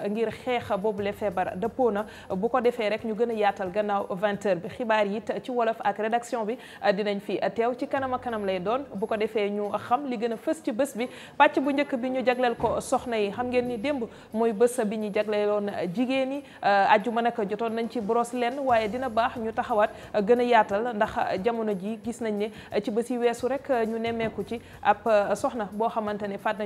rek ngir xeex boobule feebar dëppoo na bu ko defee rek ñu gën a yaatal gannaaw 20h bi xibaar yi it ci wolof ak rédaction bi dinañ fi teew ci kanam a kanam lay doon bu ko defee ñu xam li gën a fës ci bés bi pàcc bu njëkk bi ñu jagleel ko soxna yi xam ngeen ni démb mooy bés bi ñu jagleeloon jigéen yi ajjuma nag jotoon nañ ci brosse lenn waaye dina baax ñu taxawaat gën a yaatal ndax jamono ji gis nañ ne ci bés yi weesu rek ñu nemmeeku ci ab soxna boo xamante ne faat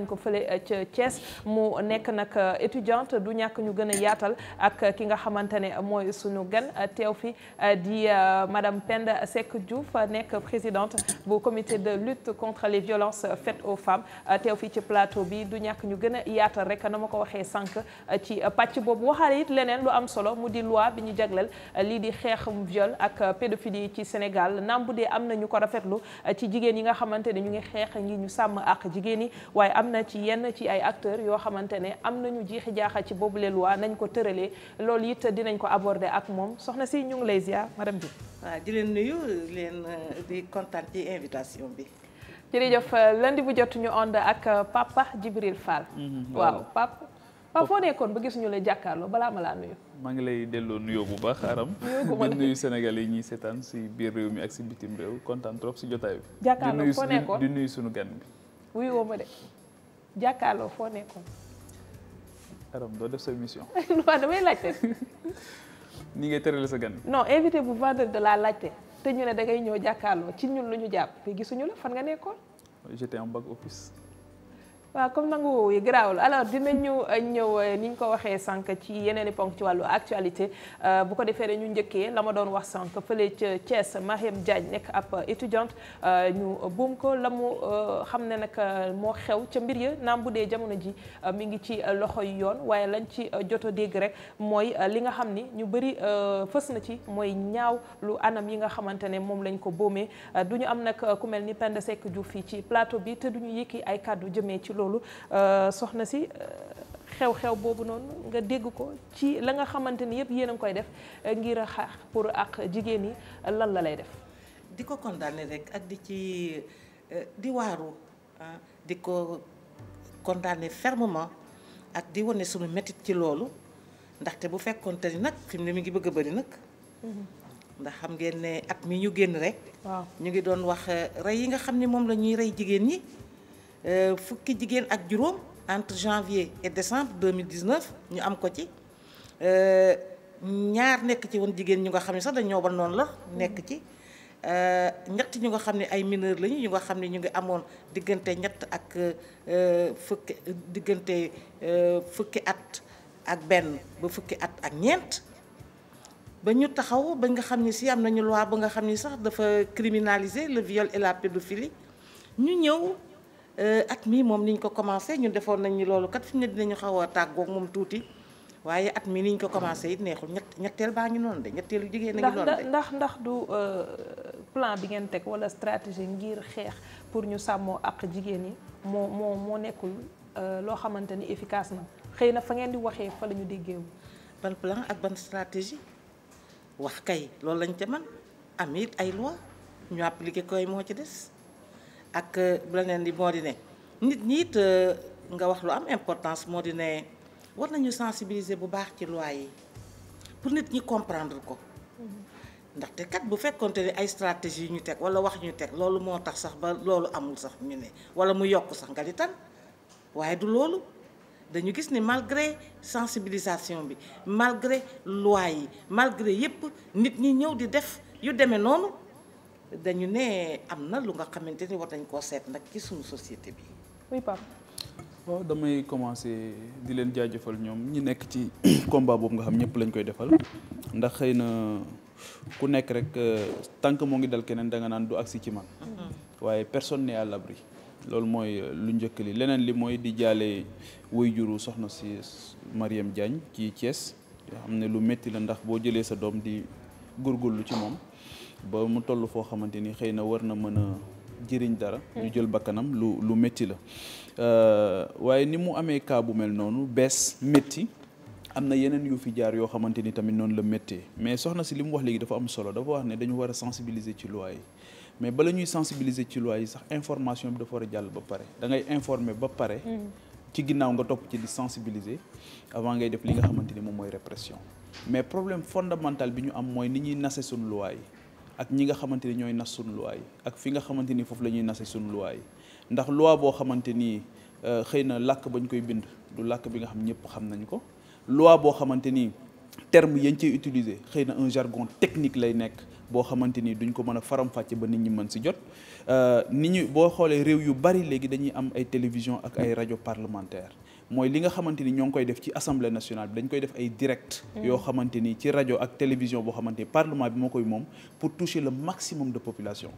du ñàkk ñu gën a yaatal ak ki nga xamante ne mooy suñu gan euh, teew fi euh, di euh, madame Penda Seck Diouf nekk présidente bu comité de lutte contre les violences faites aux femmes teew fi ci plateau bi du ñàkk ñu gën a yaatal rek na ma ko waxee sànq ci pàcc boobu waxaale it leneen lu am solo mu di loi bi ñu jagleel lii di xeex mu viol ak pédophilie ci Sénégal naam bu dee am na ñu ko rafetlu ci jigéen yi nga xamante ne ñu ngi xeex a ngi ñu sàmm ak jigéen yi waaye am na ci yenn ci ay acteurs yoo xamante ne am nañu jiixi jaaxa ci boobule loi nañ ko tëralee loolu it dinañ ko aborder ak moom soxna si ñu ngi lay ziar madame Diouf. waaw ah, di leen nuyu leen euh, di kontaan ci invitation bi. jërëjëf euh, lundi bu jot ñu ànd ak euh, papa Djibril Fall. Mhm, waaw papa papa foo nekkoon ba gisuñu ñu la jàkkaarloo balaa ma laa nuyu. maa ngi lay delloo nuyoo bu baax Aram. di nuyu Sénégal yi ñuy seetaan si biir réew mi ak si bitim réew kontaan trop si jotaay bi. jàkkaarloo foo nekkoon di nuyu di sunu gan bi. wuyu woo ma de jàkkaarloo foo nekkoon. aram doo def sa émission. waaw damay laajte. ni ngay tërale sa gan. non invité bu vendredi de la laajte te ñu ne dangay ñëw jàkkaarloo ci ñun lu ñu jàpp te gisuñu la fan nga nekkoon. j'étais en back office. waa comme nangu woowu yi garaawul alors dinañu euh, ñëw euh, ni ñu ko waxee sànq ci yeneen i ponk ci wàllu actualité euh, bu ko defee ñu njëkkee la doon wax sànq fële ca Thiès Mariam Diagne nekk ab étudiante ñu buum ko la mu xam ne nag moo xew ca mbir ya naam bu dee jamono ji mi ngi ci loxo yu yoon waaye lañ ci joto dégg rek mooy li nga xam ni ñu bëri fës na ci mooy ñaaw lu anam yi nga xamante ne moom lañ ko boomee du ñu am nag ku mel ni Penda sekk jouf fii ci plateau bi te du ay kàddu jëmee ci loolu euh, soxna si euh, xew-xew boobu noonu nga dégg ko ci la nga xamante ni yëpp yéen a koy def euh, ngir xaar pour ak jigéen yi lan la lay def. di ko condamné rek ak di ci di waaru di ko condamné fermement ak di wane suñu métit ci loolu ndaxte bu fekkoonte ni nag fi ne mi ngi bëgg a bëri nag. Mhm. ndax xam ngeen ne at mi ñu génn rek. waaw ñu ngi doon wax rey yi nga xam ni moom la ñuy rey jigéen ñi. Euh, fukki jigéen ak juróom entre janvier et décembre 2019 ñu am ko ci euh, ñaar nekk ci woon jigéen ñu nga xam ne sax dañoo ba noonu la nekk ci euh, ñett ñu nga xam ne ay mineur lañu ñu nga xam ne ñu ngi amoon diggante ñett ak fukki diggante fukki at ak benn ba fukki at ak ñeent ba ñu taxaw ba nga xam ne si am nañu loi ba nga xam ni sax dafa criminaliser le viol et la pédophilie ñu ñëw Euh, at mii moom ñu ko commencé ñun defoon nañ ni loolu kat fi ñu ne dinañu xaw a tàggoog moom tuuti waaye at mi niñ ko commencé it neexul ñett ñetteel baa ngi noonu de ñetteelu jigéen a ngi ndax ndax du euh, plan bi ngeen teg walla stratégie ngir xeex pour ñu sàmmoo ak jigéen yi moo moo moo nekkul euh, loo xamante ni efficace na xëy na fa ngeen di waxee fa la ñu déggeewu ban plan ak ban stratégie wax kay loolu lañ ca man am it ay loi ñu appliqué koy moo ci des ak euh, leneen li moo di ne nit ñi it euh, nga wax lu am importance moo di ne war nañu sensibiliser bu baax ci loi yi pour nit ñi comprendre ko mm-hmm. ndaxte kat bu fekkonte ne ay stratégie ñu teg wala wax ñu teg loolu moo tax sax ba loolu amul sax ñu ne wala mu yokk sax nga di tan waaye du loolu dañu gis ni malgré sensibilisation bi malgré loi yi malgré yépp nit ñi ñëw di def yu demee noonu dañu ne am na lu nga xamante ni war nañ koo seet nag ci suñu société bi. oui waaw damay commencer di leen jaajëfal ñoom ñi nekk ci combat boobu nga xam ñëpp lañ koy defal ndax xëy na ku nekk rek euh, tànk moo ngi dal keneen danga naan du agsi ci man. Mm-hmm. waaye personne n'est à loolu mooy euh, lu njëkk li leneen li mooy di jaale waajuru soxna si Mariam Diagne ci Thiès. yoo xam ne lu métti la ndax boo jëlee sa doom di lu ci moom. ba mu toll foo xamante ni xëy na war na mën a jëriñ dara ñu jël bakkanam lu lu métti la euh, waaye ni mu amee cas mel noonu bees métti am na yeneen yu fi jaar yoo xamante ni tamit noonu la méttee mais soxna si li mu wax léegi dafa am solo dafa wax ne dañu war a sensibiliser ci loi yi mais bala ñuy sensibiliser ci loi yi sax information bi dafa war a jàll ba pare dangay ngay informer ba pare mm. ci ginnaaw nga topp ci di sensibiliser avant ngay def li nga xamante ni moom mooy répression mais problème fondamental bi ñu am mooy ni ñuy nase suñu loi yi ak ñi nga xamante ni ñooy nas sunu loi ak fi nga xamante ni foofu la ñuy nase sunu loi ndax loi boo xamante ni euh, xëy na làkk bañ koy bind du làkk bi nga xam ñëpp xam nañu ko loi boo xamante ni terme yañ cee utiliser xëy na un jargon technique lay nekk boo xamante ni duñ ko mën a faram-fàcce ba nit ñi mën si jot euh, ni ñu boo xoolee réew yu bari léegi dañuy am ay télévision ak ay rajo parlementaire mooy li nga xamante ni ñoo ngi koy def ci assemblée nationale bi dañ koy def ay direct mm. yoo xamante ni ci rajo ak télévision boo xamante ni parlement bi moo koy moom pour toucher le maximum de population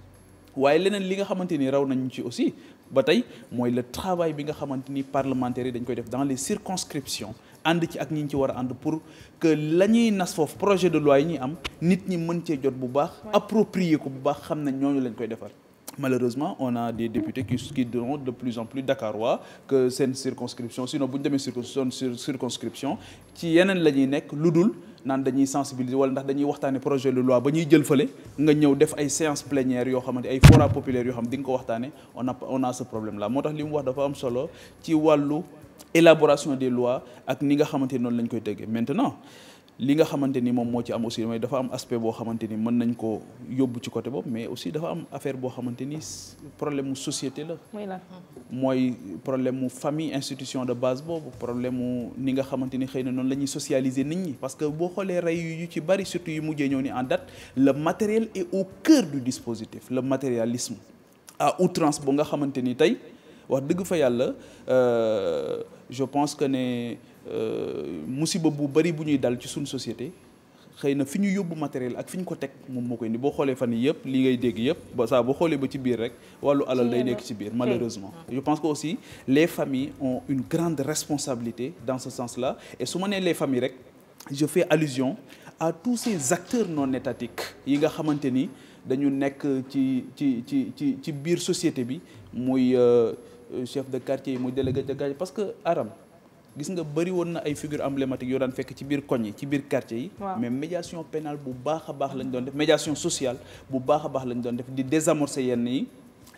waaye leneen li xamante ni raw nañu ci aussi ba tey mooy le travail bi nga xamante ni parlementaires yi dañ koy def dans les circonscriptions ànd ci ak ñi ñu ci war a ànd pour que la ñuy nas foofu projet de loi yi ñuy am nit ñi mën cee jot bu baax approprier ko bu baax xam ne ñooñu lañ koy defar malheureusement on a des députés qui qui diront de plus en plus dakarois que seen circonscription sinon bu ñu demee circonscription circonscription ci yeneen la ñuy nekk lu dul naan dañuy sensibiliser wala ndax dañuy waxtaane projet de loi ba ñuy jël fale nga ñëw def ay séance plénière yoo xamante ay fora populaire yoo xam di nga ko waxtaane on a on a ce problème là moo tax li mu wax dafa am solo ci wàllu élaboration des loi ak ni nga xamante noonu la ñu koy tëggee maintenant li nga xamante ni moom moo ci am aussi mooy dafa am aspect boo xamante ni mën nañ ko yóbbu ci côté boobu mais aussi dafa am affaire boo xamante ni problème mu société la. mooy problème mu famille institution de base boobu problème mu ni nga xamante ni xëy na noonu la ñuy socialiser nit ñi parce que boo xoolee rey yu ci bari surtout yu mujjee ñëw ni en date le matériel est au cœur du dispositif le matérialisme à outrance bu nga xamante ni tey wax dëgg fa yàlla euh, je pense que ne. Euh, musiba bu bari bu ñuy dal ci suñu société xëy na fi ñu yóbbu matériel ak fi ñu ko teg moom moo koy indi boo xoolee fan yii yëpp li ngay dégg yëpp ba saa boo xoolee ba ci biir rek wàllu alal day nekk ci biir malheureusement je pense que aussi les familles ont une grande responsabilité dans ce sens là et su ma nee les familles rek je fais allusion à tous ces acteurs non étatiques yi nga xamante ni dañu nekk ci ci ci ci ci biir société bi muy euh, chef de quartier muy délégué de quartier parce que Aram gis nga bëri woon na ay figure emblématique yoo daan fekk ci biir koñ yi ci biir quartier yi mais médiation pénale bu baax a baax lañ doon def médiation sociale bu baax a baax lañ doon def di désamorcer yenn yi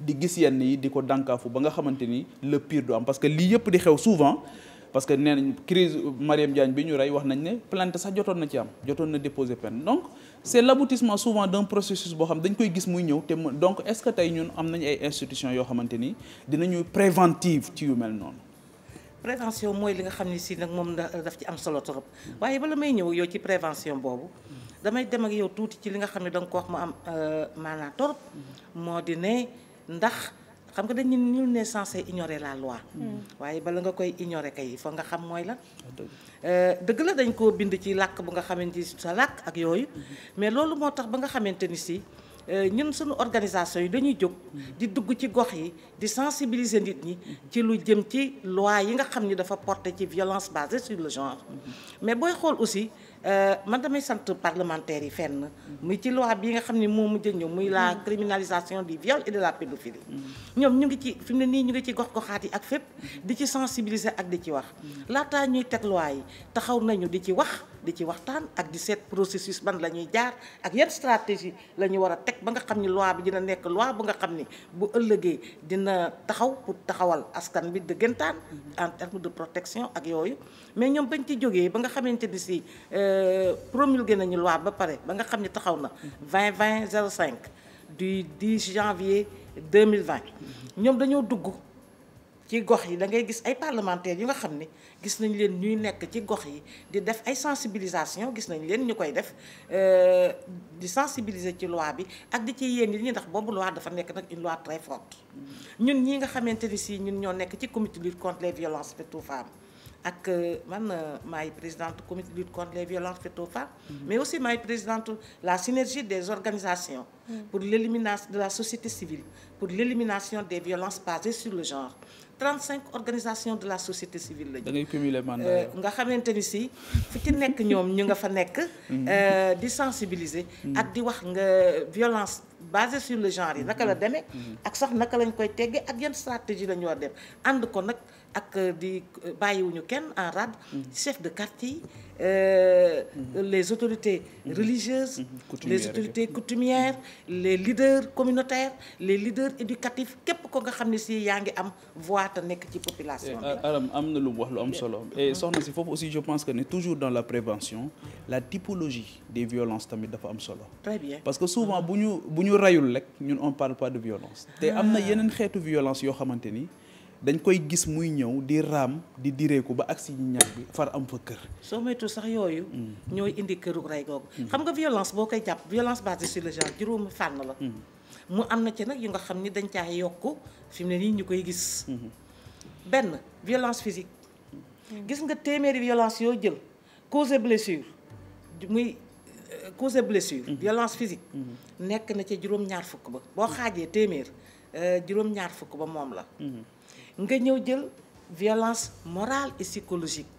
di gis yenn yi di ko dànkaafu ba nga xamante ni le pire du am parce que lii yëpp di xew souvent parce que nee nañ crise Mariam Diagne bi ñu rey wax nañ ne plainte sax jotoon na ci am jotoon na déposer peine donc c' est l' aboutissement souvent d' un dañ koy gis muy ñëw te donc est ce que tey ñun am nañ ay institutions yoo xamante ni dinañuy préventive ci yu mel noonu prévention mooy li nga xam ne sii nag moom daf ci am solo trop waaye bala may ñëw yow ci prévention boobu damay dem ak yow tuuti ci li nga xam ne danga ko wax mu am euh, maanaa torop moo di ne ndax xam nga dañu ñu ne censé ignorer la loi mm. waaye bala nga koy ignorer kay fa nga xam mooy ah, la euh, dëgg la dañ koo bind ci làkk bu nga xamante ni sa làkk ak yooyu mm-hmm. mais loolu moo tax ba nga xamante ni si Euh, ñun suñu organisation yi dañuy jóg di dugg ci gox yi di sensibiliser nit ñi ci lu jëm ci loi yi nga xam ni dafa porté ci violence basée sur le genre mais booy xool aussi euh, man damay sant parlementaires yi fenn muy ci loi bi nga xam ni moo mujj ñëw muy la criminalisation du viol et de la pédophilie ñoom ñu ngi ci fi mu ne nii ñu ngi ci gox goxaat yi ak fépp di ci sensibiliser ak di ci wax laataa ñuy teg loi yi taxaw nañu di ci wax di ci waxtaan ak di seet processus ban la ñuy jaar ak yan stratégie la ñu war a teg ba nga xam ni loi bi dina nekk loi bu nga xam ni bu ëllëgee dina taxaw pour taxawal askan bi dëggantaan en terme de protection ak yooyu mais ñoom bañ ci jógee ba nga xamante ni si euh, promulgué nañu loi ba pare ba nga xam ni taxaw na 20 20 05 du 10 janvier 2020 ñoom dañoo dugg ci gox yi da ngay gis ay parlementaires yu nga xam ne gis nañ leen ñuy nekk ci gox yi di def ay sensibilisation gis nañ leen ñu koy def euh, di sensibiliser ci loi bi ak di ci yéen yi ñi ndax boobu loi dafa nekk nag une loi très forte ñun ñi nga xamante ni si ñun ñoo nekk ci comité lutte contre les violences faites aux femmes ak euh, man euh, maay présidente comité lutte contre les violences faites aux femmes mhm. mais aussi maay présidente la synergie des organisations mhm. pour l'élimination de la société civile pour l'élimination des violences basées sur le genre cinq organisations de la société civile lañu. da ngay cumuler mandat euh, nga xamante ni si fu ci nekk ñoom ñu nga fa nekk. Mhm. Euh, di sensibiliser. Mhm. ak di wax nga violence basée sur le genre yi naka la mhm. demee. ak sax naka lañ koy teggee ak yan stratégie lañu waa dem ànd ko nag. ak euh, di euh, bàyyiwuñu kenn en rade mm-hmm. chef de quartier euh, mm-hmm. les autorités mm-hmm. religieuses les autorités coutumières les leaders communautaires les leaders éducatifs képp ko nga xam ni si yaa ngi am voix te nekk ci population bi eh, aram am na lu mu wax lu am solo et eh, soxna si foofu aussi je pense que ne toujours dans la prévention la typologie des violences tamit dafa am solo très parce que souvent bu ñu bu ñu rayul rek ñun on parle pas de violence te am na ah. yeneen xeetu violence yoo xamante ni dañ koy gis muy ñëw di raam di direeku ba agsi ñax bi far am fa kër. soo moytu sax yooyu. Mm. ñooy indi këru rey googu. Mm. xam nga violence boo koy jàpp violence basée sur le genre juróomi fànn la. Mm. mu am na ci nag yu nga xam ni dañ caa yokk fi mu ne nii ñu koy gis. Mm-hmm. benn violence physique. gis nga téeméeri violence yoo jël causer blessure muy euh, causer blessure. Mm-hmm. violence mm-hmm. nekk na ca juróom ñaar fukk ba boo xaajee téeméer euh, juróom ñaar fukk ba moom la. nga ñëw jël violence morale et psychologique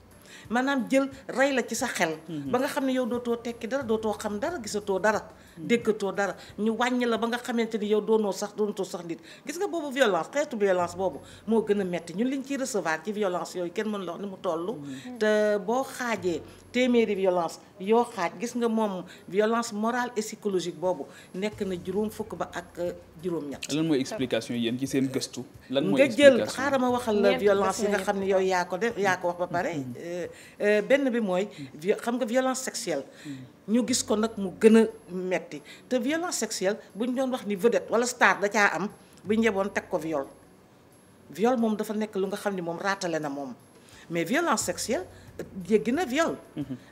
maanaam jël rey la ci sa xel. Mhm. ba nga xam ne yow dootoo tekki dara dootoo xam dara gisatoo dara. déggatoo dara ñu wàññi la ba nga xamante ni yow doonoo sax doonatoo sax nit gis nga boobu violence xeetu violence boobu moo gën a metti ñun liñ ciy recevoir ci violence yooyu kenn mën la wax ni mu toll mm-hmm. te boo xaajee téeméeri violence yoo xaaj gis nga moom violence morale et psychologique boobu nekk na juróom fukk ba ak euh, juróom ñett lan mooy explication yéen ci seen gëstu lan mooy explication nga jël xaaral ma waxal la violence yi nga xam ne yow yaa ko def yaa ko wax ba pare mm-hmm. euh, euh, benn bi mooy xam nga violence sexuelle mm-hmm. ñu gis ko nag mu gën a metti te violence sexuelle bu ñu doon wax ni vedette wala star da caa am bu njeboon teg ko viol viol moom dafa nekk lu nga xam ni moom raatale na moom mais violence sexuelle jéggi na viol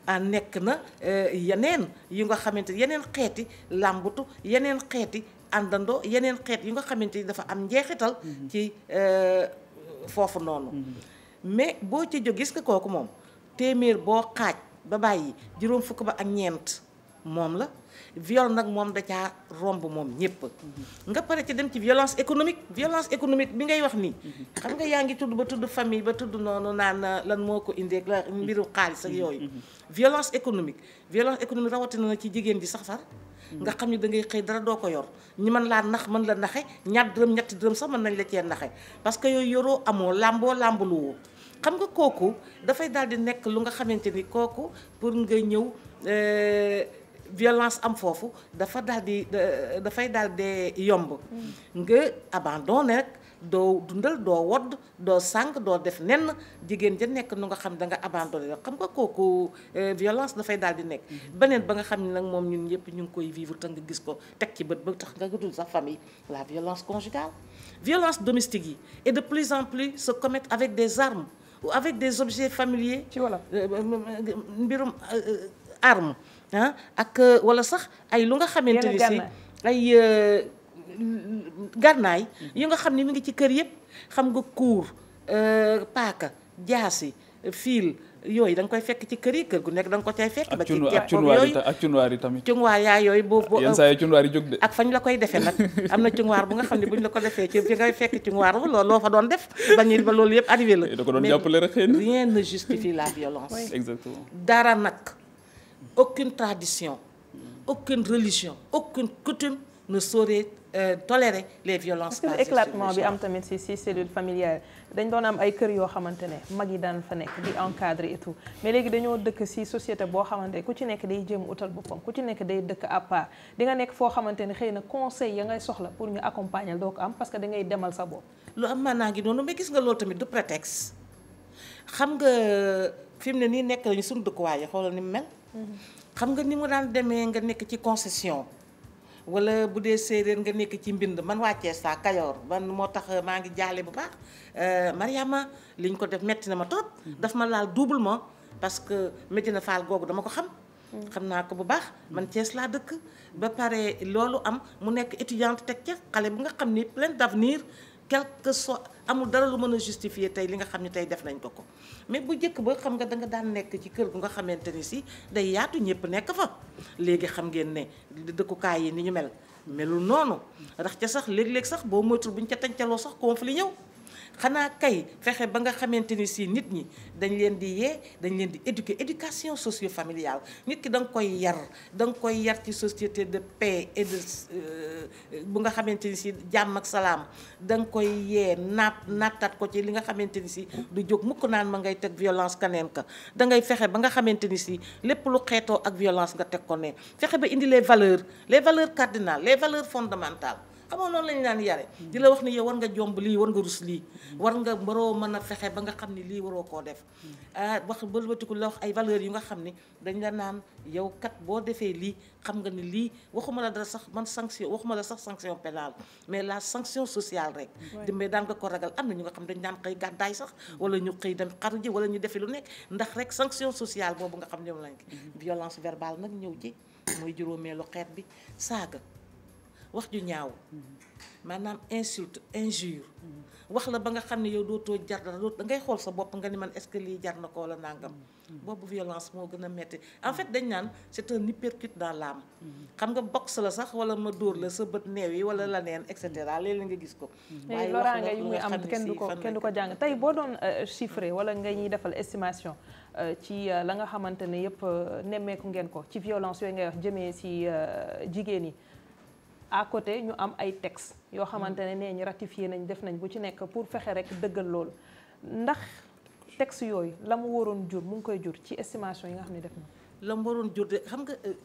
a ah, nekk na euh, yeneen yu nga xamante yeneen xeeti làmbutu yeneen xeeti àndandoo yeneen xeet yu nga xamante ni dafa am njeexital ci euh, foofu noonu mm-hmm. mais boo ci jóg gis nga kooku moom téeméer boo xaaj ba bàyyi juróom fukk ba ak ñeent moom la viol nag moom da caa romb moom ñépp nga pare ci dem ci violence économique violence économique bi ngay wax nii xam nga yaa ngi tudd ba tudd famille ba tudd noonu naan lan moo ko indee la mbiru xaalis ak yooyu violence économique violence économique rawatina na ci jigéen ji sax far nga xam ni da ngay xëy dara doo ko yor ñi mën laa nax mën la naxe ñaar dërëm ñetti dërëm sax mën nañ la cee naxe parce que yooyu yoroo amoo làmboo làmbaluwoo xam nga kooku dafay daal di nekk lu nga xamante ni kooku pour nga ñëw euh, violence am foofu dafa daal di dafay daal di yomb. Mm. nga abandonné rek doo dundal doo wodd doo sànq doo def nenn jigéen ja nekk nu nga xam danga nga abandonné rek xam nga kooku euh, violence dafay daal di nekk. Mm-hmm. beneen ba nga xam ne nag moom ñun ñëpp ñu ngi koy vivre te nga gis ko teg ci bët ba tax nga dul sa famille la violence conjugale. violence domestique yi et de plus en plus sa commettent avec des armes. ou avec des objets familiers. ci wala euh, euh, euh, mbirum arm ah, ak wala sax ay lu nga xamante ni si ay gànnaay mhm. yu nga xam ni mu ngi ci kër yëpp xam nga kuur paaka jaasi fiil yooyu danga koy fekk ci kër yi kër gu nekk da nga ko cay fekk. ba ci ceeb yooyu yenn saa yi cunwaar de. ak fañ la koy defee nag am na xam ne buñ la ko defee ci bi ngay fekk cunwaar bu loolu loo fa doon def ba ñu ba loolu yëpp arrivé la. da ko doon jàppale rek xëy na rien ne justifie la violence. exactement dara nag aucune tradition aucune religion euh, les violences. parce bi am tamit si si cellule familiale. dañ doon am ay kër yoo xamante ne mag yi daan fa nekk di encadré et mais léegi dañoo dëkk si société boo xamante ne ku ci nekk day jéem utal boppam ku ci nekk day dëkk à part nekk foo xamante ne xëy na conseil ya ngay soxla pour ñu accompagner doo ko am parce que da ngay demal sa bopp. lu am maanaa ngi noonu mais gis nga loolu tamit du prétexte xam nga euh, fi mu ne nii nekk nañu suñu dëkkuwaay yi xoolal ni mu mel. Mm-hmm. xam nga ni mu daan demee nga nekk ci concession. wala bu dee séeréer nga nekk ci mbind man waa wàccee saa kayoor man moo tax maa ngi jaale bu baax euh, Mariama li ñu ko def metti na ma trop. Mm-hmm. daf ma laal doublement parce que Médina Fall googu dama ko xam. Mm-hmm. xam naa ko bu baax man cees laa dëkk ba pare loolu am mu nekk étudiante teg ca xale bu nga xam ni plein d'avenir quel que so amul dara lu mën a justifier tey li nga xam ne tey def nañ ko ko mais bu njëkk ba xam nga da nga daan nekk ci kër gu nga xamante ni si day yaatu ñëpp nekk fa léegi xam ngeen ne dëkkukaay yi ni ñu mel melul noonu ndax ca sax léeg-léeg sax boo moytul buñ ca tancaloo sax li ñëw xanaa kay fexe ba nga xamante ni si nit ñi dañ leen di yee dañ leen di éduquer éducation socio familial nit ki da nga koy yar da nga koy yar ci société de paix et de euh, bu nga xamante ni si jàmm ak salaam da nga koy yee naat naataat ko ci li nga xamante ni si du jóg mukk naan ma ngay teg violence kaneen ka da ngay fexe ba nga xamante ni si lépp lu xeetoo ak violence nga teg ko ne fexe ba indi les valeurs les valeurs cardinales les valeurs fondamentales xamoo loolu lañu naan yare di la wax ni yow war nga jomb lii war nga rus lii war nga waroo mën a fexe ba nga xam ni lii waroo koo def ah wax balbatiku la wax ay valeurs yu nga xam ni dañ la naan yow kat boo defee lii xam nga ni lii waxuma la dara sax man sanction waxuma la sax sanction pénale mais la sanction sociale rek dimbee daan nga ko ragal am na ñu nga xam dañ daan xëy gàddaay sax wala ñu xëy dem xaru ji wala ñu defe lu nekk ndax rek sanction sociale boobu nga xam ñoom lañ mm-hmm. violence verbale nag ñëw ji mooy juróomeelu xeet bi saaga wax ju ñaaw mm-hmm. maanaam insulte injure mm-hmm. wax la ba nga xam ni yow dootoo jar dara doot da ngay xool sa bopp nga ni man est-ce que lii jar na ko wala nangam mm-hmm. boobu violence moo gën a metti en fait dañ naan c'est un hypercute dans l'âme xam nga box la sax wala ma dóor la sa bët neew yi wala la neen et cetera léeg-léeg nga gis ko waaye nga yu muy am kenn du ko kenn du ko jàng tey boo doon euh, chiffré wala nga ñuy defal estimation euh, ci euh, la nga xamante ne yëpp nemmeeku ngeen ko ci violence yooyu ngay wax jëmee si jigéen yi à côté ñu am ay textes yoo xamante ne nee ñi ratifié nañ def nañ bu ci nekk pour fexe rek dëggal loolu ndax textes yooyu la mu waroon jur mu ngi koy jur ci estimation yi nga xam ne def na la mu waroon jur de xam nga euh,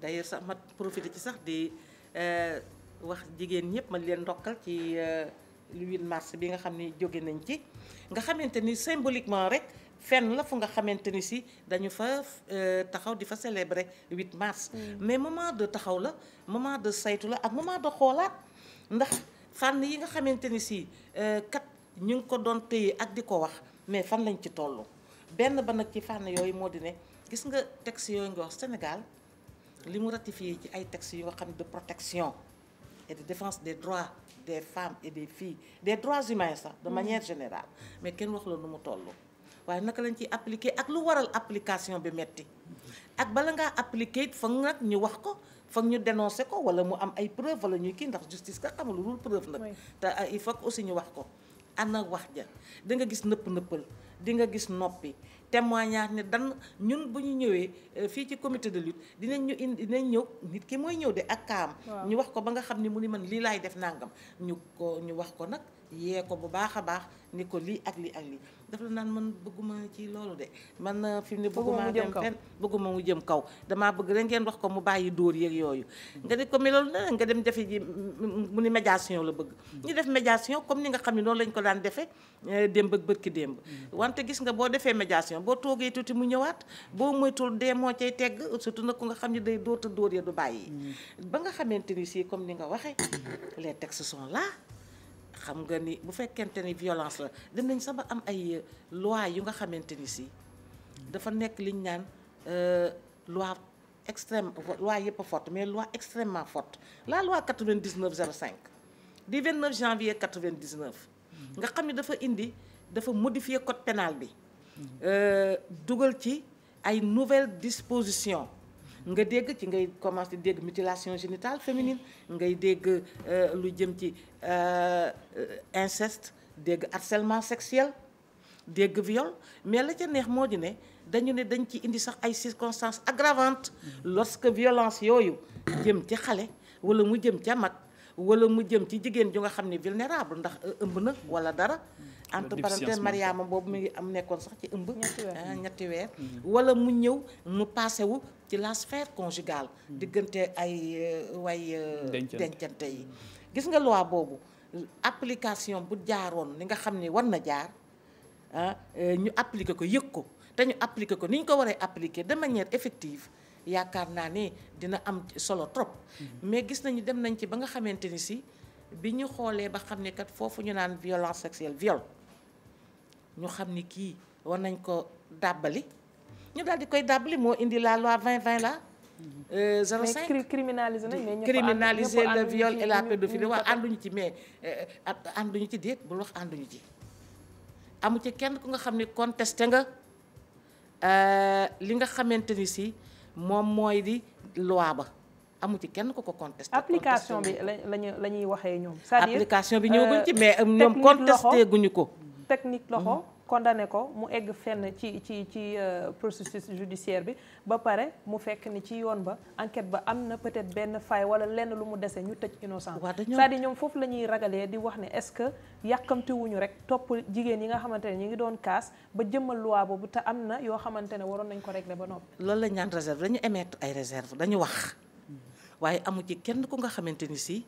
d'ailleurs sax ma profité ci sax di euh, wax jigéen ñëpp ma leen ndokkal ci le euh, 8 mars bi nga xam ne jóge nañ ci nga xamante ni symboliquement rek fenn la fu nga xamante ni si dañu fa euh, taxaw di fa célébrer 8 mars. Mm. mais moment de taxaw la moment de saytu la ak moment de xoolaat ndax fànn yi nga xamante ni si euh, kat ñu ngi ko doon téye ak di ko wax mais fan lañ ci toll. benn ba nag ci fànn yooyu moo di ne gis nga texte yooyu nga wax Sénégal li mu ratifié ci ay texte yu nga xam ne de protection et de défense des droits des femmes et des filles des droits humains sax de mm. manière générale mais kenn wax la nu mu toll. waaye naka lañ ciy appliquer ak lu waral application bi metti ak bala ngaa appliquer it foog nag ñu wax ko foog ñu dénoncer ko wala mu am ay preuve wala ñuy kii ndax justice ka xamul lu preuve nag te ah, il faut aussi ñu wax ko ana wax ja danga gis nëpp nëppal di nga gis noppi témoignage ne dan ñun bu ñu ñëwee euh, fii ci commité de lutte dinañ ñu indi dinañ ñëw nit ki mooy ñëw de ak kaam ñu wax ko ba nga xam ni mu ni man lii laay def nangam ñu ko ñu wax ko nag yee ko bu baax a baax ni ko lii ak lii ak lii daf la naan man bëgguma ci loolu de man uh, fi mu ne bëgguma dem fenn bëgguma mu jëm kaw damaa bëgg rek ngeen wax ko mu bàyyi dóor yeeg yooyu nga ne ko mi loolu na nga dem defe ji mu ni médiation la bëgg ñu def médiation comme ni nga xam ne noonu lañ ko daan defee uh, démb ak bërki démb mm. wante gis nga boo defee médiation boo toogee tuuti mu ñëwaat boo moytul dee moo cay tegg surtout nag ku nga xam ne day dóor te dóor ya du bàyyi mm. ba nga xamante ni si comme ni nga waxee les textes sont là xam nga ni bu fekkente ni violence la dem nañ sax am ay euh, loi yu nga xamante ni si dafa nekk liñ naan euh, loi extrême loi yëpp a forte mais loi extrêmement forte la loi 99 05 du 29 janvier 99 nga xam ni dafa indi dafa modifier code pénal bi mm-hmm. euh, dugal ci ay nouvelles dispositions nga dégg ci ngay commencé dégg mutilation génitale féminine ngay dégg euh, lu jëm ci euh, inceste dégg harcèlement sexuel dégg viol mais la ca neex moo di ne dañu ne dañ ci indi sax ay circonstances aggravantes mm-hmm. lorsque violence yooyu jëm ci xale wala mu jëm ca mag wala mu jëm ci jigéen ju nga xam ne vulnérable ndax euh, ëmb na wala dara entre parenthèse mariama boobu mu ngi am nekkoon sax ci ëmb ñetti ah, mm-hmm. weer wala mu ñëw mu passé wu ci la sphère conjugale mm-hmm. diggante ay euh, way euh, dencante yi mm-hmm. gis nga loi boobu application bu jaaroon li nga xam ne war na jaar ah, ñu appliquer ko yëg ko te ñu appliquer ko ni ñu ko waree appliquer de manière effective yaakaar naa ne dina am solo trop. Mhm. mais gis nañu dem nañ ci ba nga xamante ni si bi ñu xoolee ba xam ne kat foofu ñu naan violence sexuelle viol ñu xam ni kii war nañ ko dàbbali ñu daal di koy dàbbali moo indi la loi 2020 la. 05 mais criminaliser nañ mais criminaliser le viol et la pédophilie waaw ànduñu ci mais euh, ànduñu ci déet bul wax ànduñu ci. amu ci kenn ku nga xam ne conteste nga euh, li nga xamante si. moom mooy di loi ba amu ci kenn ku ko contesté. application bi la ñuy la ñuy waxee ñoom. c'est-à-dire application bi ñëwaguñ ci mais euh, ñoom contesté guñu ko. technique loxo. condamné ko mu egg fenn ci ci ci euh, processus judiciaire bi ba pare mu fekk ni ci yoon ba enquête ba am na peut-être benn faille walla lenn lu mu dese ñu tëj innocent c'est-à-dire ñoom foofu la ñuy ragalee di wax ne est-ce que yàkkamtiwuñu rek topp jigéen yi nga xamante ne ñu ngi doon kaas ba jëmmal loi boobu te am na yoo xamante ne waroon nañ ko régler ba nopp loolu lañ naan réserve dañu émettre ay réserve dañu wax waaye amu ci kenn ku nga xamante ni si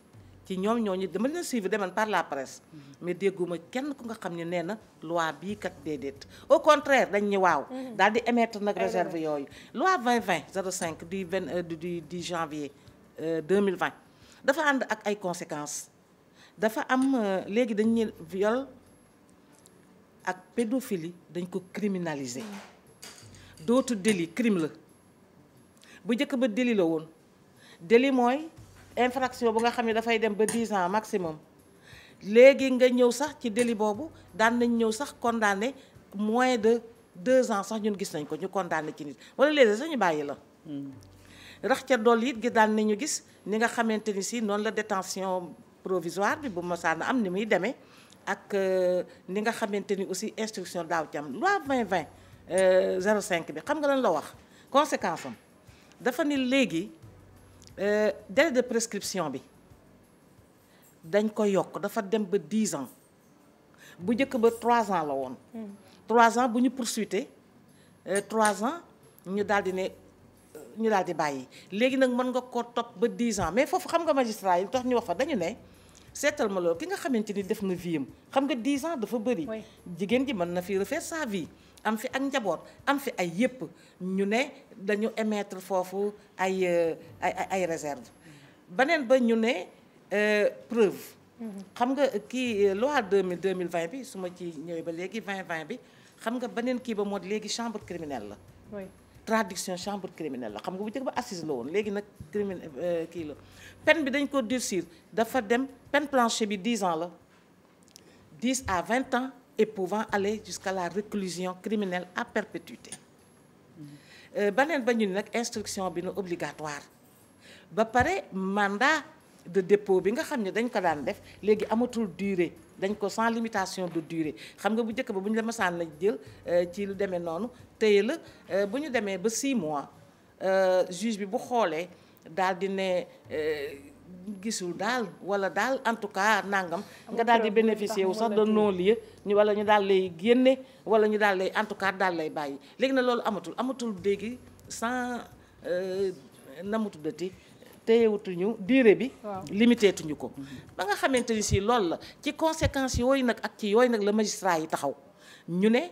ci ñoom ñooñu dama leen suivre deman par la presse mhm. mais dégguma kenn ku nga xam ne nee na loi bii kat déedéet au contraire dañ ñu waaw mhm. daal di émettre nag eh réserve yooyu loi 2020 05 du 20 euh, du 10 janvier 2020 euh, dafa ànd ak ay conséquence dafa am euh, léegi dañ ne viol ak pédophilie dañ ko criminaliser mhm. dootu délit crime la bu njëkk ba délit la woon délit mooy infraction bu nga xam ne dafay dem ba 10 ans maximum léegi nga ñëw sax ci délit boobu daan nañ ñëw sax condamné moins de deux ans sax ñun gis nañ ko ñu condamné ci nit wala léegi sax bàyyi la. rax ca dool it gi daan nañu gis ni nga xamante ni si noonu la détention provisoire bi bu masaan am ni muy demee ak euh, ni nga xamante ni aussi instruction daaw ci am loi 2020 05 euh, bi xam nga lan la wax conséquence am dafa ni léegi. Euh, délai de prescription bi dañ ko yokk dafa dem ba 10 ans bu njëkk ba trois ans la woon. 3 ans bu ñu poursuité euh, trois ans ñu daal di ne euh, ñu daal di bàyyi léegi nag mën nga ko topp ba 10 an mais foofu xam nga magistrat yi tax ñu wax fa dañu ne. seetal ma loolu ki nga xamante ni def na vie am xam nga 10 ans dafa bëri. jigéen ji mën na fi refaire sa vie. am fi ak njaboot am fi ay yëpp ñu ne dañu émettre foofu ay euh, ay ay réserve beneen ba ñu ne euh, preuve xam nga kii euh, loi deux mille deux mille vingt bi su ma ci ñëwee ba léegi vingt vingt bi xam nga beneen kii ba moo léegi chambre criminelle la traduction chambre criminelle la xam nga bu njëkk ba assise la woon léegi nag crimin kii la peine bi dañ ko durcir dafa dem peine plancher bi 10 ans la 10 à vingt ans et pouvant aller jusqu'à la réclusion criminelle à perpétuité euh, baneen ba ñu ne nag instruction bi nu obligatoire ba pare mandat de dépôt bi nga xam ne dañ ko daan def léegi amatul durer dañ ko sans limitation de durée xam nga bu njëkk ba bu ñu la masaan la jël euh, ci lu demee noonu téye la euh, bu ñu demee ba 6 mois juge bi bu xoolee daal di ne gisul daal wala daal en tout cas nangam nga daal di bénéficier wu sax de non lieu ñu wala ñu daal lay génne wala ñu daal lay en tout cas daal lay bàyyi léegi na loolu amatul amatul léegi sans euh, namatu mu tuddati téyewutuñu durée bi limiteetuñu ko ba nga xamante ni si loolu la ci conséquences yooyu nag ak ci yooyu nag la magistrat yi taxaw ñu ne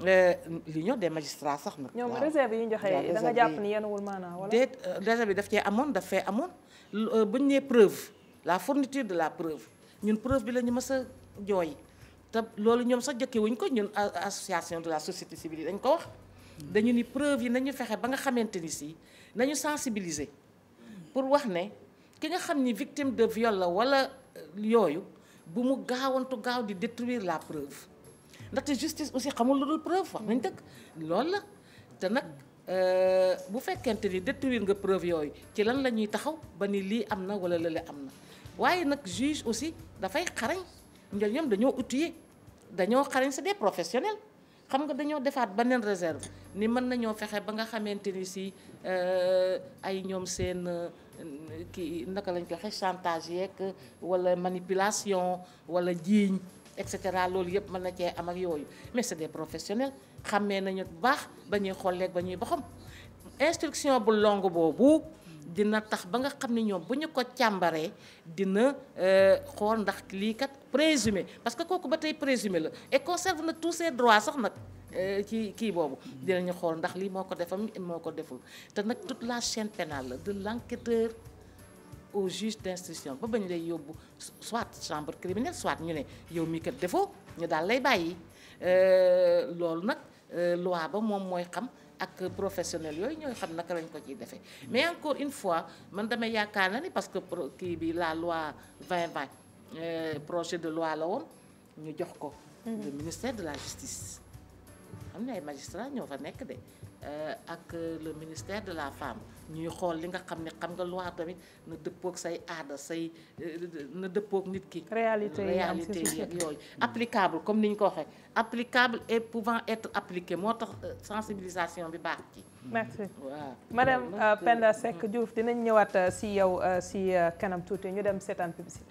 Euh, l'union des magistrats sax nag. ñoom réserve yi ñu joxe da nga jàpp ni yenn wul maanaa wala. déet euh, réserve bi daf cee amoon daf fee amoon euh, bu ñu nee preuve la fourniture de la preuve ñun preuve bi la ñu mës a jooy te loolu ñoom sax jëkkee wuñ ko ñun association de la société civile dañ ko wax. dañu ni preuve yi nañu fexe ba nga xamante ni si nañu sensibiliser pour wax ne ki nga xam ni victime de viole la wala yooyu bu mu gaawantu gaaw di détruire la preuve. ndaxte justice aussi xamul la dul preuve wax nañ dëgg loolu la te nag euh, bu fekkente ni détruire nga preuve yooyu ci lan la ñuy taxaw ba ni lii am na wala lële am na waaye nag juge aussi dafay xarañ njël ñoom dañoo outillé dañoo xarañ c'est des professionnels xam nga dañoo defaat beneen réserve ni mën nañoo fexe ba nga xamante ni si euh, ay ñoom seen euh, kii naka lañ ko waxee chantage yeeg wala manipulation wala jiiñ et cetera loolu yëpp mën na cee am ak yooyu mais c'est des professionnels xàmmee nañu bu baax ba ñuy xolleeg ba ñuy boxam instruction bu longue boobu dina tax ba nga xam ne ñoom bu ñu ko càmbaree dina euh, xool ndax lii kat présumé parce que kooku ba tey présumé la et conserve na tous ses droits sax nag euh, ci kii boobu dinañu xool ndax lii moo ko defam moo ko deful te nag toute la chaîne pénale la de l'enquêteur au juge d'instruction ba bañ lay yóbbu soit chambre criminelle soit ñu ne yow mii kat defoo ñu daal lay bàyyi euh, loolu nag euh, loi ba moom mooy xam ak professionnel yooyu ñooy xam naka lañ ko ci defee mais encore une fois man damay yaakaar na ni parce que kii bii la loi 2020 euh, projet de loi la woon ñu jox ko mm-hmm. le ministère de la justice xam ne ay magistrats ñoo fa nekk de Euh, ak euh, le ministère de la femme ñuy xool li nga xam ne xam nga loi tamit na dëppoog say aada say euh, na dëppook nit ki. réalité yi am réalité yooyu. applicable comme ni ñu ko waxee applicable et pouvent être appliqué moo tax sensibilisation bi baax ci. merci waaw madame Penda Seck mm. Diouf dinañ ñëwaat si yow si kanam tuuti ñu dem seetaan publicité.